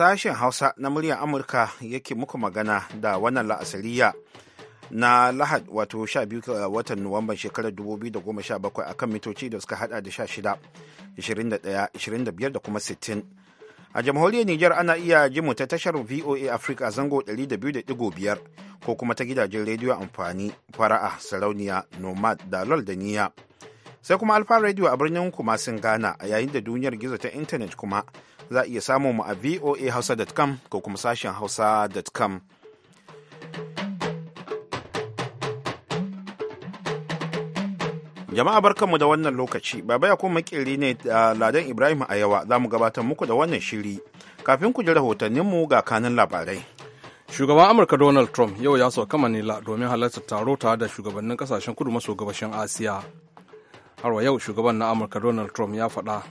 sashen hausa na muryar amurka yake muku magana da wannan la'asariya na lahad wato 12 watan nuwamban shekarar 2017 akan mitoci da suka hada da 16 21 25 da kuma 60 a jamhuriyar Niger ana iya ji mu ta tashar VOA Africa zango 200.5 ko kuma ta gidajen rediyo amfani fara'a sarauniya nomad da lol da niya sai kuma alfa radio a birnin kumasin ghana a yayin da duniyar gizo ta intanet kuma za a iya samun mu a voahausa.com ko kuma sashen hausa.com. Jama'a barkanmu da wannan lokaci, Baba ya kuma makili ne da Ladan Ibrahim a yawa za mu gabatar muku da wannan shiri. Kafin ku ji rahotanninmu ga kanin labarai. Shugaban Amurka Donald Trump yau ya sauka Manila domin halartar taro tare da shugabannin kasashen kudu maso gabashin Asiya. Har wa yau shugaban na Amurka Donald Trump ya faɗa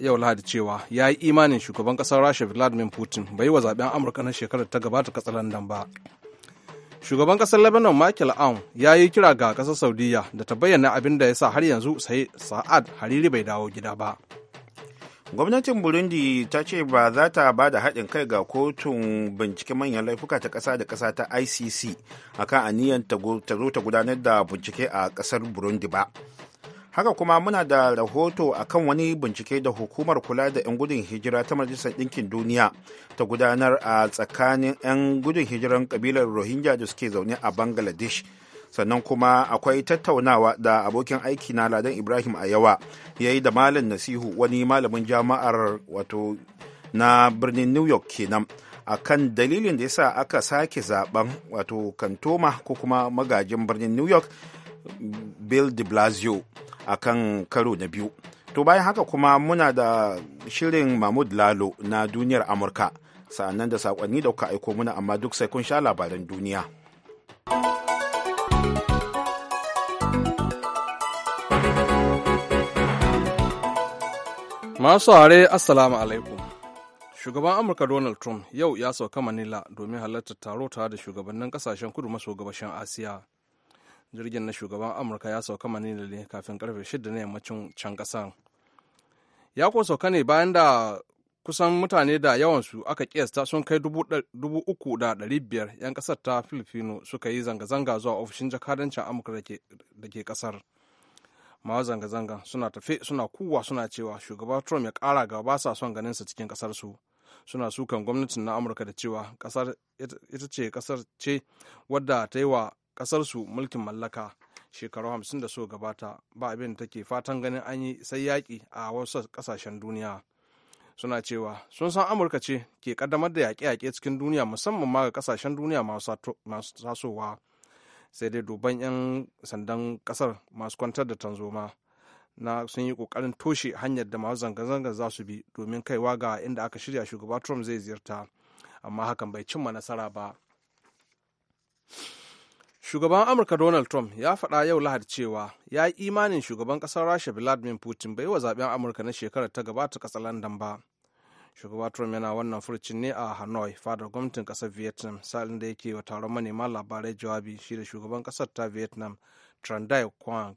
yau lahadi cewa ya yi imanin shugaban kasar rasha vladimir putin bai wa zaben amurka na shekarar ta gabata katsalandan ba shugaban kasar lebanon michael aun ya yi kira ga ƙasar saudiya da ta bayyana abin da ya sa har yanzu sai sa'ad hariri bai dawo gida ba gwamnatin burundi ta ce ba za ta ba da haɗin kai ga kotun bincike manyan laifuka ta ƙasa da ƙasa ta icc akan aniyan ta zo ta gudanar da bincike a ƙasar burundi ba haka kuma muna da rahoto akan wani bincike da hukumar kula da 'yan gudun hijira ta majalisar ɗinkin duniya ta gudanar a tsakanin 'yan gudun hijiran kabilar rohingya da suke zaune a bangladesh sannan kuma akwai tattaunawa da abokin aiki na ladan ibrahim a yawa ya yi da malam nasihu wani malamin jama'ar wato na birnin new york kenan a kan dalilin da ya sa aka sake zaben wato kantoma ko kuma magajin birnin new york bill de blasio a kan karo na biyu to bayan haka kuma muna da shirin mahmud lalo na duniyar amurka sa'annan da sakonni da kuka aiko muna amma duk sai kun sha labaran duniya masu hare assalamu alaikum shugaban amurka donald trump yau ya sauka manila domin halartar taro tare da shugabannin kasashen kudu maso gabashin asiya jirgin na shugaban amurka ya sauka manila ne kafin karfe 6 na yammacin can kasar ya ko sauka ne bayan da kusan mutane da yawansu aka kiyasta sun kai 3,500 'yan kasar ta filifino suka yi zanga-zanga zuwa ofishin jakadancin amurka da ke kasar ma zanga-zanga suna tafe suna kuwa suna cewa shugaba trump ya kara ga ba sa son ganinsa cikin kasar su suna sukan gwamnatin na amurka da cewa kasar ita ce kasar ce wadda ta yi wa su mulkin mallaka shekaru hamsin da so gabata ba abin da take fatan ganin an yi sai yaƙi a wasu ƙasashen duniya suna cewa sun san amurka ce ke ƙaddamar da yaƙe-yaƙe cikin duniya musamman ma ga ƙasashen duniya masu tasowa sai dai duban 'yan sandan ƙasar masu kwantar da tanzoma na sun yi ƙoƙarin toshe hanyar da masu zanga-zanga za su bi domin kaiwa ga inda aka shirya shugaba trump zai ziyarta amma hakan bai cimma nasara ba. shugaban amurka donald trump ya faɗa yau lahadi cewa ya yi imanin shugaban ƙasar rasha vladimir putin bai wa zaɓen amurka na shekarar ta gabata ƙasar london ba shugaba trump yana wannan furcin ne a hanoi fadar gwamnatin ƙasar vietnam salin da yake wa taron manema labarai jawabi shi da shugaban ƙasar ta vietnam trandai kwang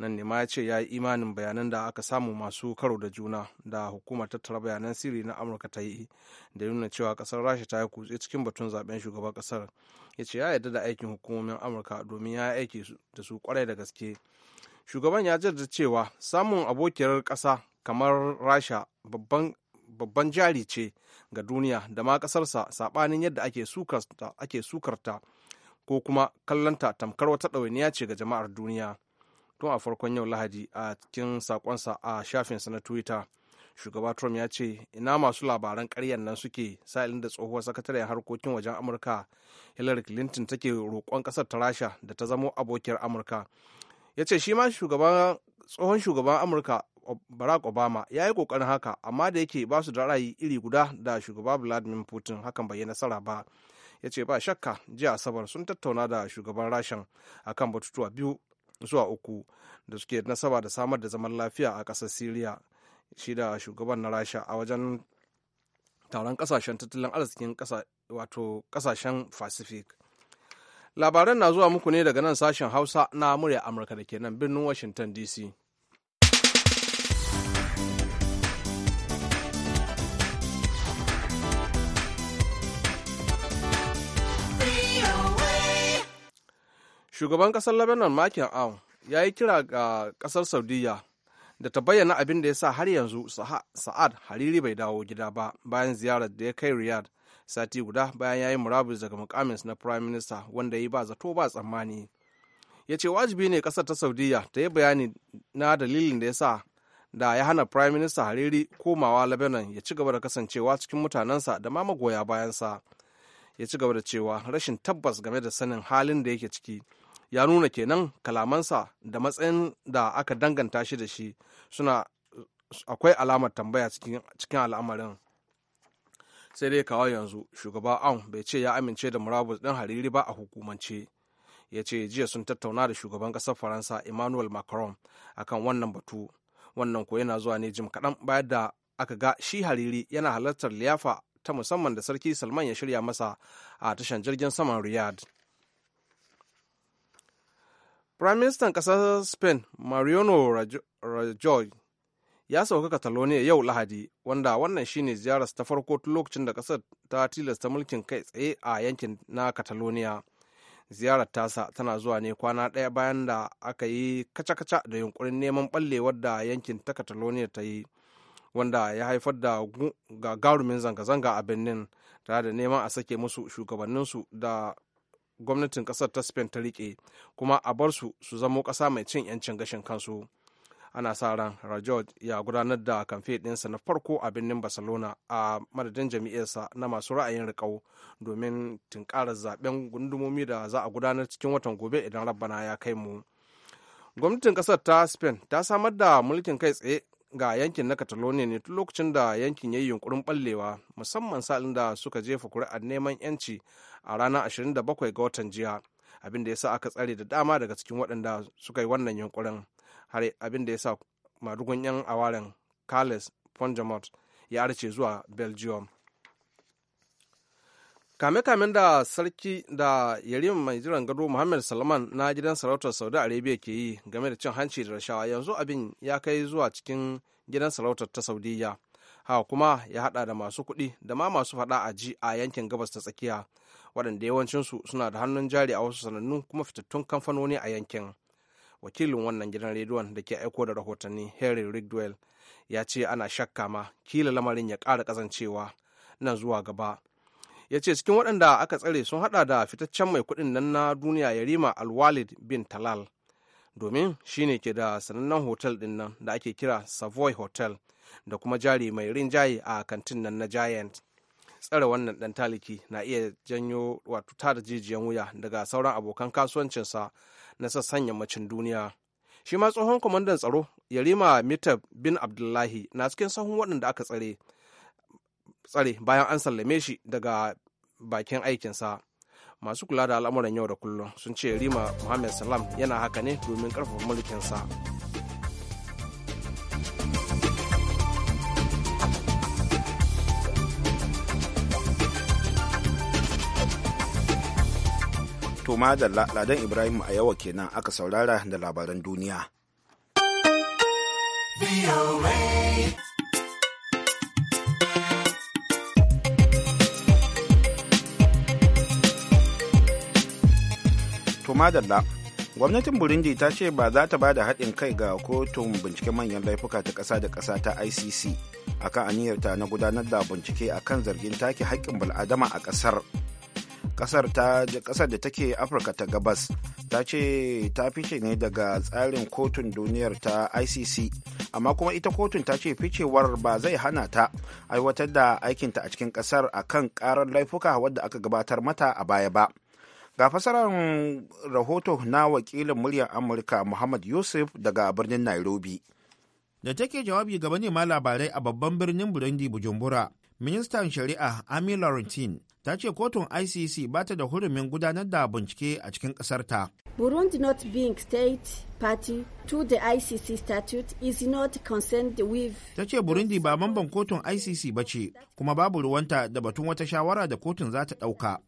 nan ne ma ya ce ya yi imanin bayanan da aka samu masu karo da juna da hukumar tattara bayanan sirri na amurka ta yi da nuna cewa kasar rasha ta yi kutse cikin batun zaben shugaban kasar ya ce ya yarda da aikin hukumomin amurka domin ya yi aiki da su kwarai da gaske shugaban ya jarda cewa samun abokiyar kasa kamar rasha babban jari ce ga duniya da ma kasarsa saɓanin yadda ake sukarta ko kuma kallonta tamkar wata ɗawainiya ce ga jama'ar duniya tun a farkon yau lahadi a cikin sakonsa a shafinsa na twitter shugaba trump ya ce ina masu labaran karyar nan suke sa'ilin da tsohuwar sakataren harkokin wajen amurka hillary clinton take roƙon ƙasar ta rasha da ta zamo abokiyar amurka ya ce shi ma tsohon shugaban amurka barack obama ya yi ƙoƙarin haka amma da yake ba su da ra'ayi iri guda da shugaba vladimir putin hakan bai yi nasara ba ya ce ba shakka jiya asabar sun tattauna da shugaban rashan akan batutuwa biyu zuwa uku da suke nasaba da samar da zaman lafiya a ƙasar siriya shi da shugaban na rasha a wajen taron kasashen tattalin arzikin wato kasashen pacific labaran na zuwa muku ne daga nan sashen hausa na murya amurka da ke nan birnin washington dc shugaban kasar lebanon makin aun ya yi kira ga kasar saudiya da ta bayyana abin da ya sa har yanzu sa'ad hariri bai dawo gida ba bayan ziyarar da ya kai riyad sati guda bayan ya yi murabus daga mukaminsa na prime minister wanda ya yi ba zato ba tsammani ya ce wajibi ne kasar ta saudiya ta yi bayani na dalilin da ya sa da ya hana prime minister hariri komawa lebanon ya ci gaba da kasancewa cikin mutanensa da ma magoya bayansa ya ci gaba da cewa rashin tabbas game da sanin halin da yake ciki ya nuna kenan kalamansa da matsayin da aka danganta shi da shi suna akwai alamar tambaya cikin al'amarin sai dai kawo yanzu shugaba an bai ce ya amince da murabus ɗin hariri ba a hukumance ya ce jiya sun tattauna da shugaban ƙasar faransa emmanuel macron akan wannan batu wannan ko yana zuwa ne jim kaɗan bayan da aka ga shi hariri yana halartar liyafa ta musamman da sarki salman ya shirya masa a tashan jirgin saman riyadh Firaministan ƙasar Spain, Mariano Rajoy, ya sauka Catalonia yau Lahadi, wanda wannan shine ziyararsa ta farko tun lokacin da ƙasar ta tilasta mulkin kai tsaye a yankin na Catalonia. Ziyarar tasa tana zuwa ne kwana ɗaya bayan da aka yi kaca-kaca da yunkurin neman ɓallewar da yankin ta Catalonia ta yi, wanda ya haifar da gagarumin zanga-zanga a Benin, tare da neman a sake musu shugabanninsu da gwamnatin kasar ta spain ta rike kuma a bar su su zamo ƙasa mai cin 'yancin gashin kansu ana sa ran rajot ya gudanar da kamfe ɗinsa na farko a birnin barcelona a madadin jami'arsa na masu ra'ayin riƙau domin tunkarar zaben gundumomi da za a gudanar cikin watan gobe idan rabbana ya kai mu gwamnatin kasar ta spain ta samar da mulkin kai tsaye ga yankin na catalonia ne tun lokacin da yankin ya yi yunkurin ɓallewa musamman salin da suka jefa kuri'ar neman yanci a ranar 27 ga watan jiya abin da ya sa aka tsare da dama daga cikin waɗanda suka yi wannan yunkurin har abin da ya sa madugun 'yan awaren carles pongemot ya arce zuwa belgium kame-kamen da sarki da yarim mai jiran gado muhammad salman na gidan sarautar saudi arabia ke yi game da cin hanci da rashawa yanzu abin ya kai zuwa cikin gidan sarautar ta saudiya ha kuma ya hada da masu kuɗi da ma masu faɗa a ji a yankin gabas ta tsakiya waɗanda yawancinsu suna da hannun jari a wasu sanannu kuma fitattun kamfanoni a yankin wakilin wannan gidan rediyon da ke aiko da rahotanni henry rigdwell ya ce ana shakka ma kila lamarin ya ƙara ƙazancewa nan zuwa gaba ya ce cikin waɗanda aka tsare sun haɗa da fitaccen mai kuɗin nan na duniya yarima alwalid bin talal domin shine ke da sanannen hotel ɗin nan da ake kira savoy hotel da kuma jari mai rinjaye a kantin nan na giant tsare wannan ɗan taliki na iya janyo wato tada jijiyan wuya daga sauran abokan kasuwancinsa na sassan yammacin duniya shi ma tsohon kwamandan tsaro yarima mitab bin abdullahi na cikin sahun waɗanda aka tsare bayan an sallame shi daga bakin aikinsa masu kula da al'amuran yau da kullum sun ce yarima muhammad salam yana haka ne domin ƙarfafa mulkinsa To da Ladan Ibrahim a yawa kenan aka saurara da labaran duniya. To madalla. gwamnatin burundi ta ce ba za ta ba da haɗin kai ga kotun binciken manyan laifuka ta ƙasa da ƙasa ta icc akan aniyarta na gudanar da bincike akan zargin take haƙƙin bal'adama a ƙasar kasar ta kasar da take afirka ta gabas ta ce ta fice ne daga tsarin kotun duniyar ta icc amma kuma ita kotun ta ce ficewar ba zai hana ta aiwatar da aikinta a cikin kasar kan karar laifuka wadda aka gabatar mata a baya ba ga fasarar rahoto na wakilin muryar amurka muhammad yusuf daga birnin nairobi da take jawabi gaba ne ma labarai a babban birnin burundi bujumbura ministan shari'a Amy laurentin ta ce kotun icc ba ta da hurumin gudanar da bincike a cikin ƙasarta. burundi not being state party to the icc statute is not concerned with ta ce burundi ba mamban kotun icc ba ce kuma babu ruwanta da batun wata shawara da kotun za ta ɗauka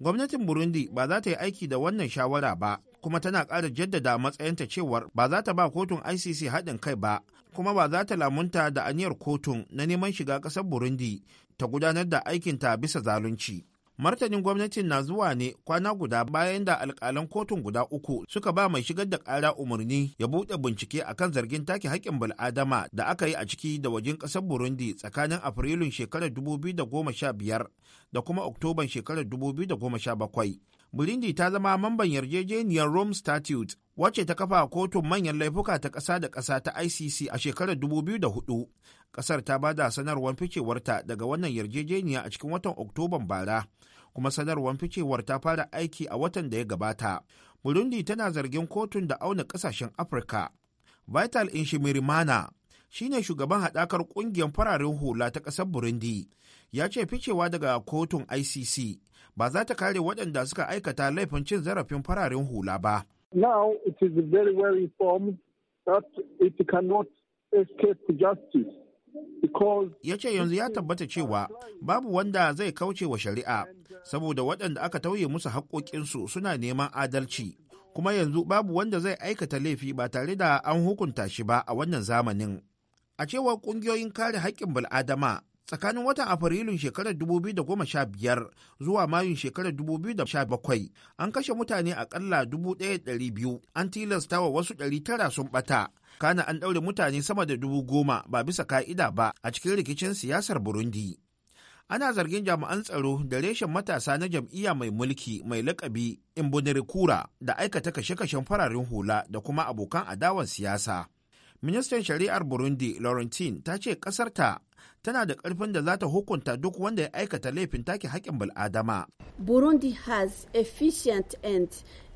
gwamnatin burundi ba za ta yi aiki da wannan shawara ba kuma tana ƙara jaddada matsayinta cewar ba za ta ba kotun ICC haɗin kai ba kuma ba za ta lamunta da aniyar kotun na neman shiga ƙasar Burundi ta gudanar da aikinta bisa zalunci. Martanin gwamnatin na zuwa ne kwana guda bayan da alƙalan kotun guda uku suka ba mai shigar da ƙara umarni ya buɗe bincike akan zargin take haƙƙin bil'adama da aka yi a ciki da wajen ƙasar Burundi tsakanin Afrilun shekarar 2015 da kuma Oktoban shekarar 2017. Burundi ta zama mamban yarjejeniyar Rome Statute wacce ta kafa kotun manyan laifuka ta ƙasa da ƙasa ta ICC a shekarar 2004. Ƙasar ta ba da sanarwar ficewarta daga wannan yarjejeniya a cikin watan Oktoban bara, kuma sanarwar ficewar ta fara aiki a watan da ya gabata. Burundi tana zargin kotun da auna ƙasashen Afirka. Vital Inshimirimana shine shugaban haɗakar ƙungiyar fararen hula ta ƙasar Burundi, ya ce ficewa daga kotun ICC ba za ta kare waɗanda suka aikata laifin cin zarafin fararen hula ba. Now it is very well informed that it cannot escape justice. Ya ce yanzu ya tabbata cewa babu wanda zai kauce wa shari'a saboda waɗanda aka tauye musu haƙoƙinsu suna neman adalci kuma yanzu babu wanda zai aikata laifi ba tare da an hukunta shi ba a wannan zamanin. A cewar ƙungiyoyin kare haƙƙin bil'adama tsakanin watan afrilun shekarar 2015 zuwa mayun shekarar 2017 an kashe mutane akalla 1,200 an tilasta wa wasu 900 sun bata kana an ɗaure mutane sama da dubu goma ba bisa ka'ida ba a cikin rikicin siyasar burundi ana zargin jami'an tsaro da reshen matasa na jam'iyya mai mulki mai lakabi imbunirikura da aikata kashe-kashen fararen hula da kuma abokan adawan siyasa ministan shari'ar burundi laurentin ta ce ƙasarta tana da ƙarfin da za ta hukunta duk wanda ya aikata laifin take haƙƙin bil'adama burundi has efficient and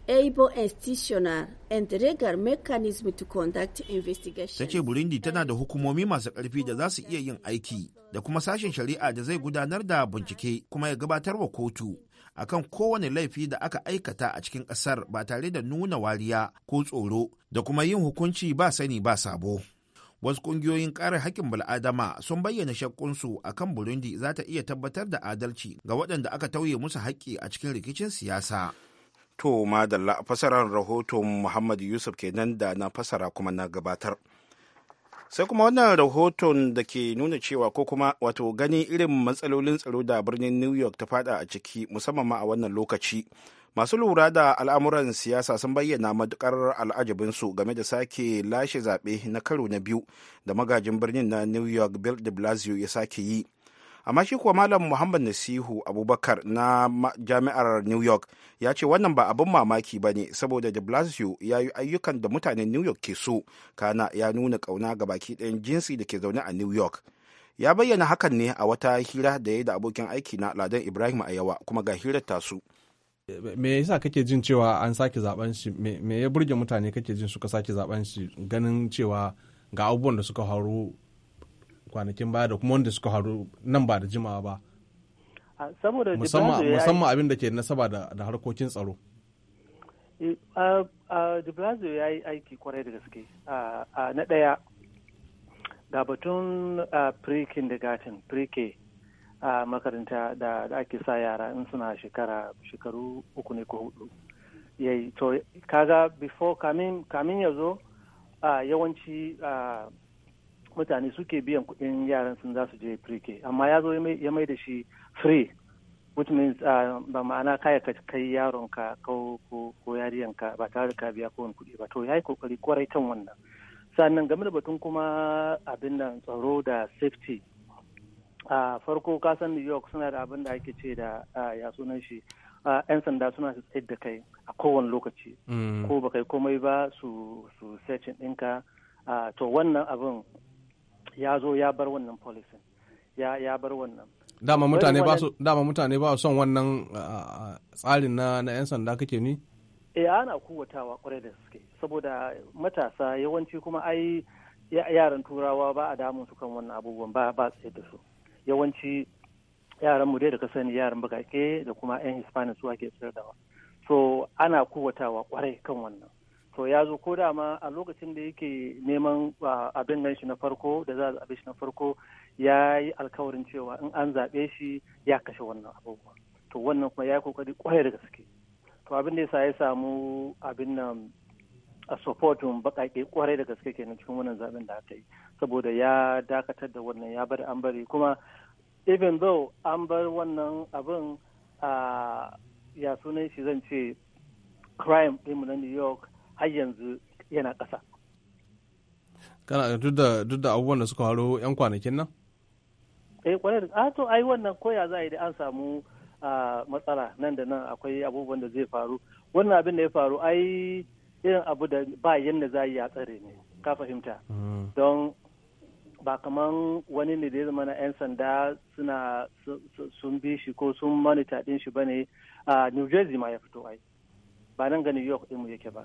able institutional and regular mechanism to conduct investigation. Ta ce Burundi tana da hukumomi masu ƙarfi da za su iya yin aiki da kuma sashen shari'a da zai gudanar da bincike kuma ya gabatar wa kotu. akan kowane laifi da aka aikata a cikin ƙasar ba tare da nuna wariya ko tsoro da kuma yin hukunci ba sani ba sabo. Wasu ƙungiyoyin ƙara hakkin bal'adama sun bayyana shakkunsu a kan Burundi za ta iya tabbatar da adalci ga waɗanda aka tauye musu haƙƙi a cikin rikicin siyasa. To, madalla fasarar rahoton Muhammad Yusuf kenan da na fasara kuma na gabatar. sai kuma wannan rahoton da ke nuna cewa ko kuma wato gani irin matsalolin tsaro da birnin new york ta fada a ciki musamman ma a wannan lokaci masu lura da al'amuran siyasa sun bayyana matukar al'ajabinsu game da sake lashe zaɓe na karo na biyu da magajin birnin na new york bill de blasio ya sake yi amma shi kuwa malam muhammad nasihu abubakar na jami'ar new york ya ce wannan ba abin mamaki ba ne saboda de blasio ya yi ayyukan da mutanen new york ke so kana ya nuna kauna ga baki ɗayan jinsi da ke zaune a new york ya bayyana hakan ne a wata hira da ya yi da abokin aiki na ladan ibrahim a yawa kuma ga hirar tasu me yasa kake jin cewa an sake zaben shi me ya burge mutane kake jin suka sake zaben shi ganin cewa ga abubuwan da suka faru kwanakin baya da kuma wanda suka haru nan ba da jimawa ba musamman abin da ke nasaba da harkokin tsaro de blasio ya yi aiki kwarai da gaske na ɗaya ga batun pre-kindergarten pre-k makaranta da ake sa yara in suna shekara shekaru uku ne ko hudu yayi to kaga before kamin ya zo yawanci mutane suke biyan kuɗin yaran sun za su je pre amma ya zo ya mai da shi free which means ah, ba ma'ana kaya ka kai yaronka ko ko yariyanka ba tare ka biya kowane kuɗi ba to ya yi kokari kwarai kan wannan sannan game da batun kuma abin nan tsaro da safety a farko kasan new york suna da abin da ake ce da ya sunan shi 'yan sanda suna su tsaye da kai a kowane lokaci mm. ko ba kai komai ba su su ɗinka to wannan abin ya zo ya bar wannan policy ya ya bar wannan dama mutane ba su dama mutane ba son wannan tsarin na na yan sanda kake ni eh ana kuwatawa kwarai da suke saboda matasa yawanci kuma ai yaran turawa ba a damun su kan wannan abubuwan ba ba tsaye da su yawanci yaran mu dai da ka sani yaran bakake da kuma yan hispanic su ake tsirdawa so ana kuwatawa kwarai kan wannan to ya zo ko dama a lokacin da yake neman abin nan shi na farko da za a zaɓe shi na farko ya yi alkawarin cewa in an zaɓe shi ya kashe wannan abubuwa to wannan kuma ya yi kokari kwarai da gaske to abin da sa ya samu abin nan a supportin baƙaƙe kwarai da gaske kenan cikin wannan zaɓen da aka yi saboda ya dakatar da wannan ya bar an bari kuma even though an bar wannan abin a ya sunan shi zan ce crime ɗinmu na new york har yanzu yana ƙasa. kana duk da abubuwan da suka haro 'yan kwanakin nan? eh kwanar a ah, to ai wannan koya za a yi da an samu ah, matsala nan da nan akwai abubuwan da zai faru wannan abin da ya faru ai irin abu da ba yadda za yi a tsare ne ka fahimta mm. don ba kamar wani ne da ya zama na 'yan sanda suna sun bi shi ko sun manita ɗin shi bane a ah, new jersey ma ya fito ai ba nan ga new york ɗin mu yake ba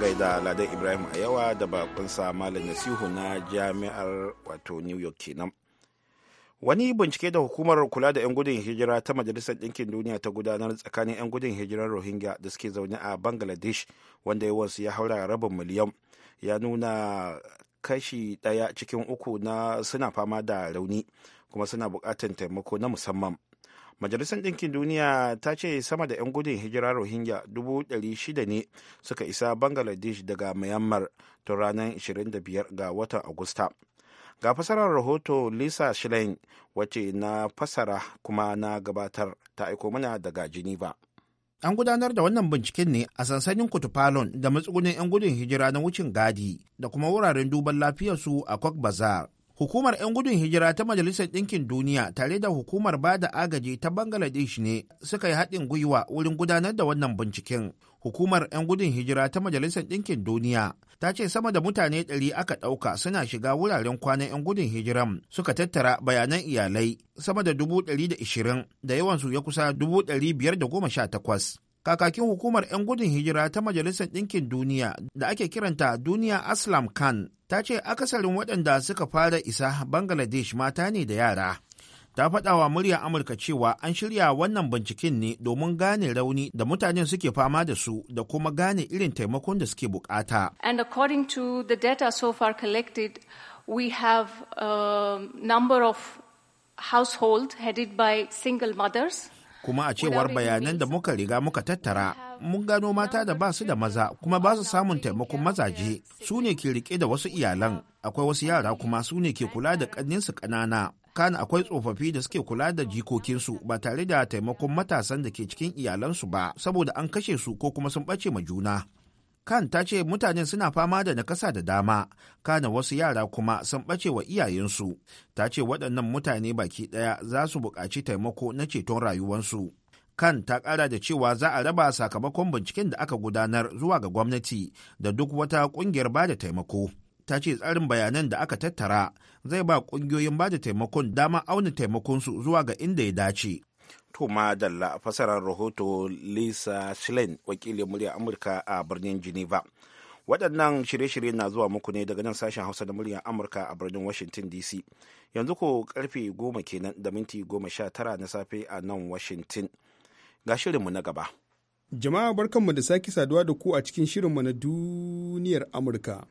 gaida Ladan Ibrahim a yawa da bakunsa Malam Nasihu na jami'ar wato New York kenan. Wani bincike da hukumar kula da 'yan gudun hijira ta Majalisar Ɗinkin Duniya ta gudanar tsakanin 'yan gudun hijirar Rohingya da suke zaune a Bangladesh wanda yawansu ya haura rabin miliyan ya nuna kashi ɗaya cikin uku na suna fama da rauni kuma suna buƙatar taimako na musamman. majalisar ɗinkin duniya ta ce sama da 'yan gudun hijira rohingya 600 ne suka isa bangladesh daga myanmar tun ranar 25 ga watan agusta ga fasarar rahoto lisa schlein wace na fasara kuma na gabatar ta aiko mana daga geneva an gudanar da wannan binciken ne a sansanin kutupalon da matsugunin 'yan gudun hijira na wucin gadi da kuma wuraren duban lafiyarsu a coq bazar Hukumar 'yan gudun hijira ta Majalisar Ɗinkin Duniya tare da hukumar ba da agaji ta Bangladesh ne suka yi haɗin gwiwa wurin gudanar da wannan binciken. Hukumar 'yan gudun hijira ta Majalisar Ɗinkin Duniya ta ce sama da mutane ɗari aka ɗauka suna shiga wuraren kwanan 'yan gudun hijiran suka tattara bayanan iyalai sama da dubu ɗari da ishirin da yawansu ya kusa dubu ɗari biyar da goma sha takwas. kakakin hukumar 'yan gudun hijira ta Majalisar Ɗinkin Duniya da ake kiranta Duniya Aslam Khan ta ce akasarin waɗanda suka fara isa Bangladesh mata ne da yara. Ta faɗawa murya Amurka cewa an shirya wannan binciken ne domin gane rauni da mutanen suke fama da su da kuma gane irin taimakon da suke bukata. And according to the data so far collected, we have a number of household headed by single mothers. kuma a cewar bayanan da muka riga muka tattara mun gano mata da ba su da maza kuma ba su samun taimakon mazaje su ne ke rike da wasu iyalan akwai wasu yara kuma su ne ke kula da ƙanninsu ƙanana kana akwai tsofaffi da suke kula da jikokinsu ba tare da taimakon matasan da ke cikin iyalansu ba saboda an kashe su ko kuma sun ɓace ma juna Kan ta ce mutane suna fama da nakasa da dama, kana wasu yara kuma sun ɓace wa iyayensu. Ta ce waɗannan mutane baki ɗaya za su buƙaci taimako na ceton rayuwarsu. Kan ta ƙara da cewa za a raba sakamakon binciken da aka gudanar zuwa ga gwamnati da duk wata ƙungiyar ba da taimako. Ta ce tsarin bayanan da aka tattara zai ba ƙungiyoyin ba da taimakon dama auna taimakonsu zuwa ga inda ya dace. to madalla fasarar rahoto lisa schlein wakilin murya amurka a birnin geneva waɗannan shirye-shirye na zuwa muku ne daga nan sashen hausa da muryar amurka a birnin washington dc yanzu ko karfe goma kenan da minti goma sha tara na safe a nan washington ga shirinmu na gaba jama'a barkanmu da sake saduwa da ku a cikin shirinmu na duniyar amurka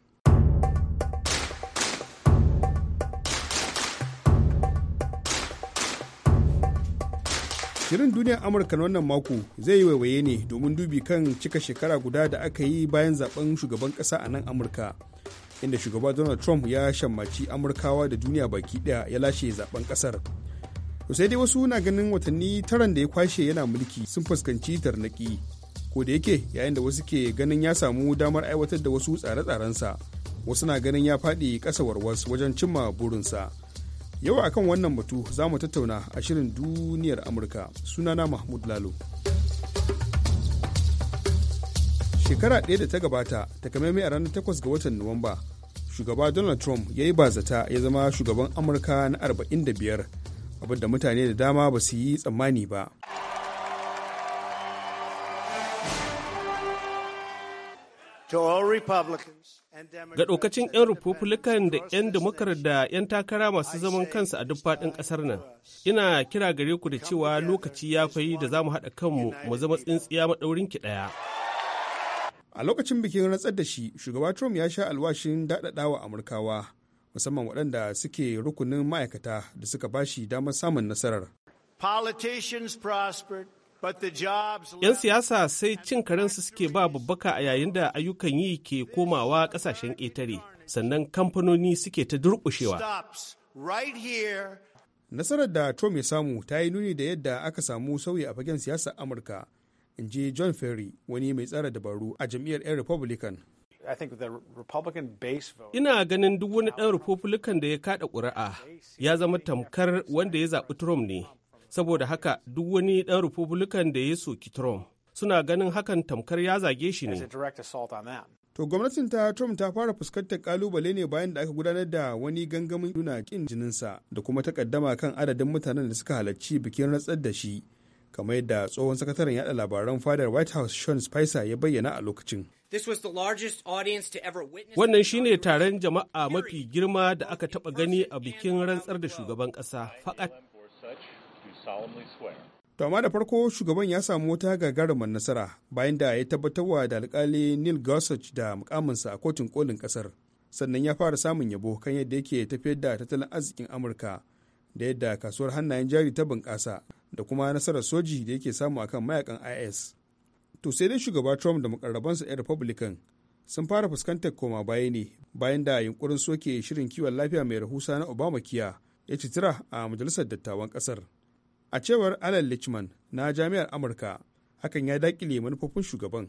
Shirin duniyar Amurka na wannan mako zai yi waiwaye ne domin dubi kan cika shekara guda da aka yi bayan zaben shugaban ƙasa a nan Amurka. Inda shugaba Donald Trump ya shammaci Amurkawa da duniya baki ɗaya ya lashe zaben ƙasar. To sai dai wasu na ganin watanni taran da ya kwashe yana mulki sun fuskanci tarnaki. Ko da yake yayin da wasu ke ganin ya samu damar aiwatar da wasu tsare-tsarensa. Wasu na ganin ya faɗi ƙasa warwas wajen cimma burinsa. Yau a kan wannan batu za mu tattauna a shirin duniyar Amurka sunana Mahmud Lalo. Shekara ɗaya da ta gabata takamaimai a ranar 8 ga watan Nuwamba, shugaba Donald Trump ya yi bazata ya zama shugaban Amurka na arba'in da 45 abinda mutane da dama ba su yi tsammani ba. To all Republicans. ga ɗaukacin 'yan republican da 'yan democrat da 'yan takara masu zaman kansu a duk faɗin ƙasar nan ina kira gare ku da cewa lokaci ya fayi da za mu haɗa kanmu mu zama tsintsiya maɗaurin ki ɗaya a lokacin bikin rantsar da shi shugaba trump ya sha alwashin daɗaɗawa amurkawa musamman waɗanda suke rukunin ma'aikata da suka bashi damar samun nasarar politicians prospered 'Yan siyasa sai cin karensu suke ba babbaka a yayin da ayyukan yi ke komawa kasashen ƙetare, sannan kamfanoni suke ta durƙushewa. Nasarar da Trump ya samu ta yi nuni da yadda aka samu sauyi a fagen siyasar Amurka, in ji John Ferry, wani mai tsara dabaru a jam'iyyar 'yan Republican. Ina ganin duk wani ɗan Republican da ya kaɗa ƙuri'a ya zama tamkar wanda ya zaɓi Trump ne. saboda haka duk wani ɗan republican da ya soki trump suna ganin hakan tamkar ya zage shi ne to gwamnatin ta trump ta fara fuskantar kalubale ne bayan da aka gudanar da wani gangamin nuna kin jininsa da kuma takaddama kan adadin mutanen da suka halarci bikin rantsar da shi kamar yadda tsohon sakataren yada labaran fadar white house sean spicer ya bayyana a lokacin wannan shine taron jama'a mafi girma da aka taba gani a bikin rantsar da shugaban kasa fakat To amma da farko shugaban ya samu wata gagarumar nasara bayan da ya tabbatarwa da alkali Neil Gorsuch da mukaminsa a kotun kolin kasar. Sannan ya fara samun yabo kan yadda yake tafiyar da tattalin arzikin Amurka da yadda kasuwar hannayen jari ta bunƙasa da kuma nasarar soji da yake samu akan mayakan IS. To sai dai shugaba Trump da mukarrabansa 'yan Republican sun fara fuskantar koma baya ne bayan da yunkurin soke shirin kiwon lafiya mai rahusa na Obama kiya ya citira a majalisar dattawan kasar. a cewar alan lichman na jami'ar amurka hakan ya dakile manufofin shugaban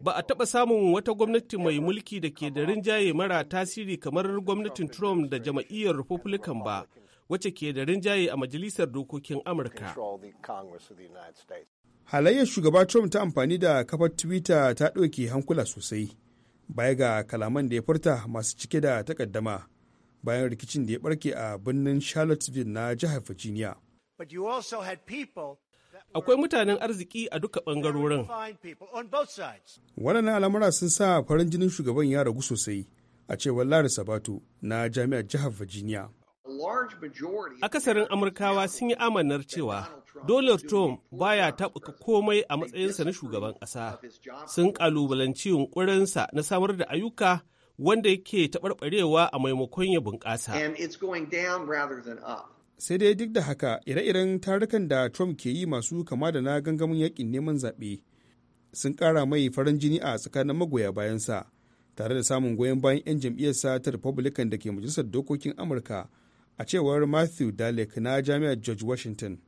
ba a taɓa samun wata gwamnati mai mulki da ke da rinjaye mara tasiri kamar gwamnatin trump da jama'iyyar republican ba wacce ke da rinjaye a majalisar dokokin amurka halayyar shugaba trump ta amfani da kafar twitter ta ɗauke hankula sosai baya ga kalaman da ya furta masu cike da takaddama bayan rikicin da ya barke a birnin charlottesville na jihar virginia akwai mutanen arziki a duka ɓangarorin. Waɗannan al'amura sun sa farin jinin shugaban ya ragu sosai a cewar Larry Sabato na jami'ar jihar Virginia. Akasarin Amurkawa sun yi amanar cewa Donald Trump baya taɓuka komai a matsayinsa na shugaban ƙasa. Sun ƙalubalanci yunƙurinsa na samar da ayyuka wanda yake taɓarɓarewa a maimakon ya bunƙasa. Sai dai duk da haka ire-iren tarukan da Trump ke yi masu kama da na gangamin yakin neman zaɓe sun ƙara mai farin jini a tsakanin magoya bayansa tare da samun goyon bayan 'yan jam'iyyarsa ta Republican da ke majalisar dokokin Amurka a cewar Matthew Dalek na jami'ar George Washington.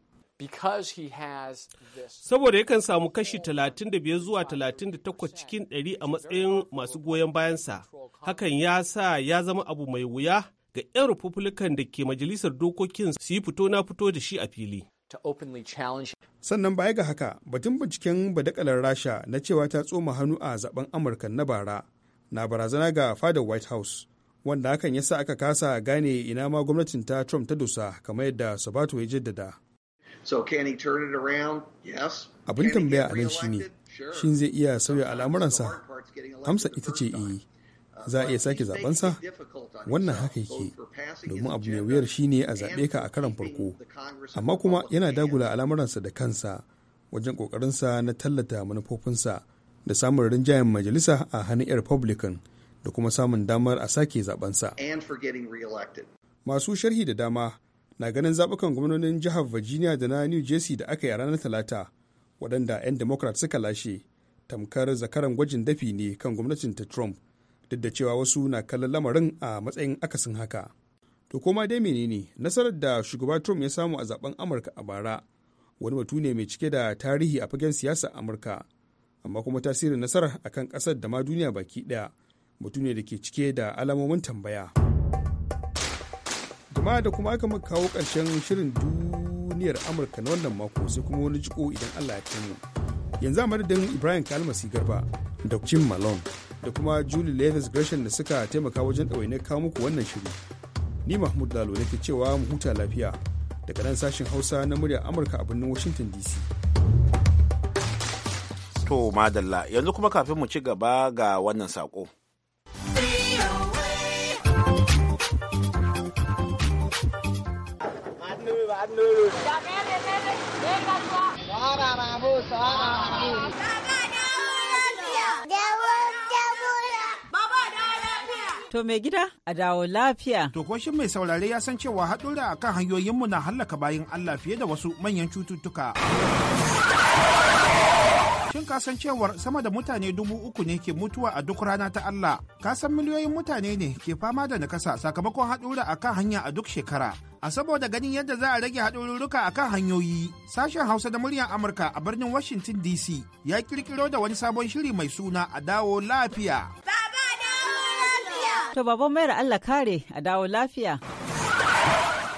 Saboda yakan samu kashi 35 zuwa 38 cikin 100 a matsayin masu goyon bayansa, hakan ya sa ya zama abu mai wuya ga 'yan Republican da ke majalisar dokokin su yi fito na fito da shi a fili. Sannan baya ga haka, batun binciken badakalar Rasha na cewa ta tsoma hannu a zaben Amurka na bara na barazana ga fadar White House. wanda hakan ya sa aka kasa gane ina ma gwamnatin ta Trump ta dusa kamar yadda Sabato ya jaddada. So can he turn Abin tambaya a nan shine shin zai iya sauya al'amuransa? Amsa ita ce eh. Uh, za a iya sake zabensa? Wannan haka yake domin abu mai wuyar shine a zaɓe ka a karan farko. Amma kuma yana dagula al'amuransa da kansa wajen ƙoƙarinsa na tallata manufofinsa da samun rinjayen majalisa a hannun 'yan Republican da kuma samun damar a sake zabensa. Masu sharhi da dama na ganin zaɓukan gwamnonin jihar virginia da na new jersey da aka yi a ranar talata waɗanda 'yan democrat suka lashe tamkar zakaran gwajin dafi ne kan gwamnatin ta trump duk da cewa wasu na kallon lamarin a matsayin akasin haka to koma dai menene nasarar da shugaba trump ya samu a zaben amurka a bara wani batu ne mai cike da tarihi a fagen siyasa amurka amma kuma tasirin nasarar akan ƙasar da ma duniya baki ɗaya batu ne da ke cike da alamomin tambaya. jama'a da kuma aka muka kawo ƙarshen shirin duniyar amurka na wannan mako sai kuma wani jiko idan allah ya kai mu yanzu a madadin ibrahim kalmasi garba da jim malone da kuma julie levis gresham da suka taimaka wajen ɗawainiyar kawo muku wannan shiri ni mahmud lalo nake cewa mu huta lafiya daga nan sashen hausa na muryar amurka a birnin washington dc to madalla yanzu kuma kafin mu ci gaba ga wannan sako. To mai gida a dawo lafiya. To shi mai saurare ya san cewa haɗura a kan hanyoyinmu na hallaka bayan Allah fiye da wasu manyan cututtuka. Shin ka san cewar sama da mutane dubu uku ne ke mutuwa a duk rana ta Allah? Ka san miliyoyin mutane ne ke fama da nakasa sakamakon haɗura a kan hanya a duk shekara. A saboda ganin yadda za a rage haɗururruka a kan hanyoyi, sashen Hausa da muryar Amurka a birnin Washington DC ya kirkiro da wani sabon shiri mai suna a dawo lafiya. Baba dawo lafiya! To baban mayar Allah kare a dawo lafiya.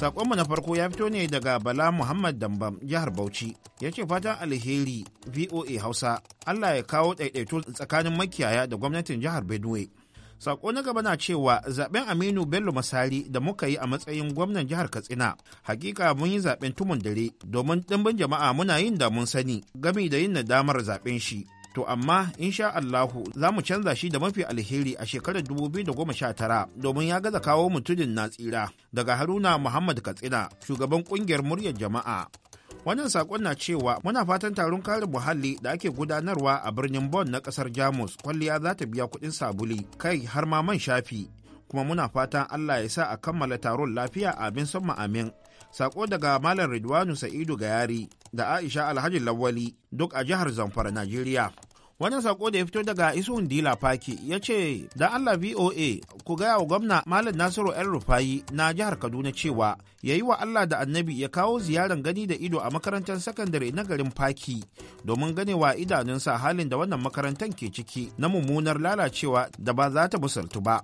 Sakonmu na farko ya fito ne daga Bala Muhammad Dambam jihar Bauchi ya ce fatan alheri VOA Hausa Allah ya kawo ɗaiɗaito tsakanin makiyaya da gwamnatin jihar Benue. Sako na gaba na cewa zaben Aminu Bello Masari da muka yi a matsayin gwamnan jihar Katsina hakika mun yi zaben tumun dare domin ɗimbin jama'a muna yin da mun sani gami da yin nadamar zaben shi To amma insha Allahu za mu canza shi da mafi alheri a shekarar 2019 domin ya gaza kawo mutumin na tsira daga Haruna Muhammad Katsina shugaban kungiyar muryar jama'a. Wannan saƙon na cewa muna fatan taron kare muhalli da ake gudanarwa a birnin Bon na ƙasar Jamus kwalliya za ta biya kuɗin sabuli kai har ma man shafi kuma muna fatan Allah ya sa a kammala taron lafiya abin son amin. Saƙo daga Malam Ridwanu Sa'idu Gayari da Aisha Alhaji Lawali duk a jihar Zamfara, Najeriya. Wannan sako da ya fito daga Isuhun Dila Faki ya ce, "Da Allah VOA ku gaya wa gwamna Malam Nasiru el Rufayi na jihar Kaduna cewa ya yi wa Allah da annabi ya kawo ziyaran gani da ido a makarantar sakandare na garin Faki domin ganewa idanunsa halin da wannan makarantar ke ciki na mummunar lalacewa da ba za ta musaltu ba.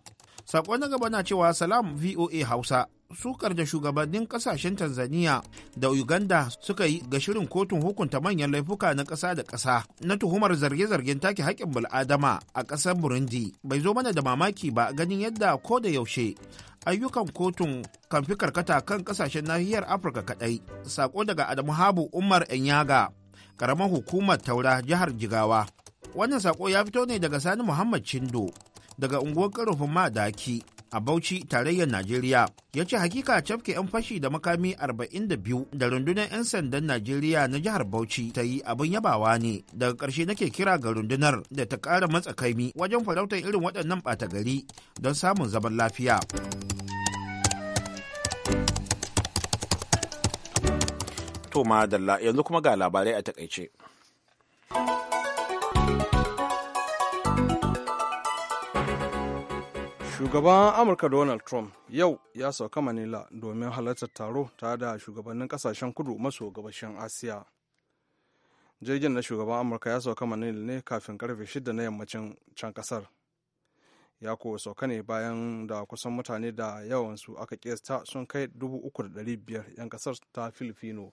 Sako na gaba na cewa Salam VOA Hausa sukar da shugabannin kasashen tanzania da uganda suka yi ga shirin kotun hukunta manyan laifuka na ƙasa da ƙasa na tuhumar zarge-zargen take haƙƙin bul'adama a ƙasar burundi bai zo mana da mamaki ba ganin yadda ko da yaushe ayyukan kotun kan fi karkata kan kasashen nahiyar afirka kaɗai sako daga adamu habu umar enyaga ƙaramar hukumar taura jihar jigawa wannan sako ya fito ne daga sani muhammad chindo daga unguwar karufin madaki a Bauchi tarayyar Najeriya ya ce hakika cafke 'yan fashi da makami 42 da rundunar 'yan sandan Najeriya na jihar Bauchi ta yi abin yabawa ne daga ƙarshe nake kira ga rundunar da ta ƙara kaimi wajen farautar irin waɗannan ɓata gari don samun zaman lafiya. To madalla yanzu kuma ga labarai a takaice. shugaban amurka donald trump yau ya sauka manila domin halartar taro tare da shugabannin kasashen kudu maso gabashin asiya jirgin na shugaban amurka ya sauka manila ne kafin karfe 6 na yammacin can kasar ya kuwa sauka ne bayan da kusan mutane da yawansu aka kesta sun kai 3,500 'yan kasar ta filifino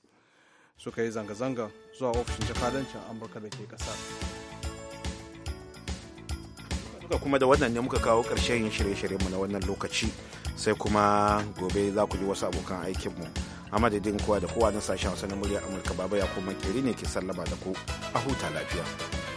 suka yi zanga-zanga zuwa ofishin jakadancin amurka da ke kasar. duka kuma da wannan ne muka kawo ƙarshen shirye-shiryenmu na wannan lokaci sai kuma gobe za ku ji wasu abokan aikinmu a madadin kowa da kowa na sashen hausa na murya amurka baba ya kuma kiri ne ke sallama da ku a huta lafiya.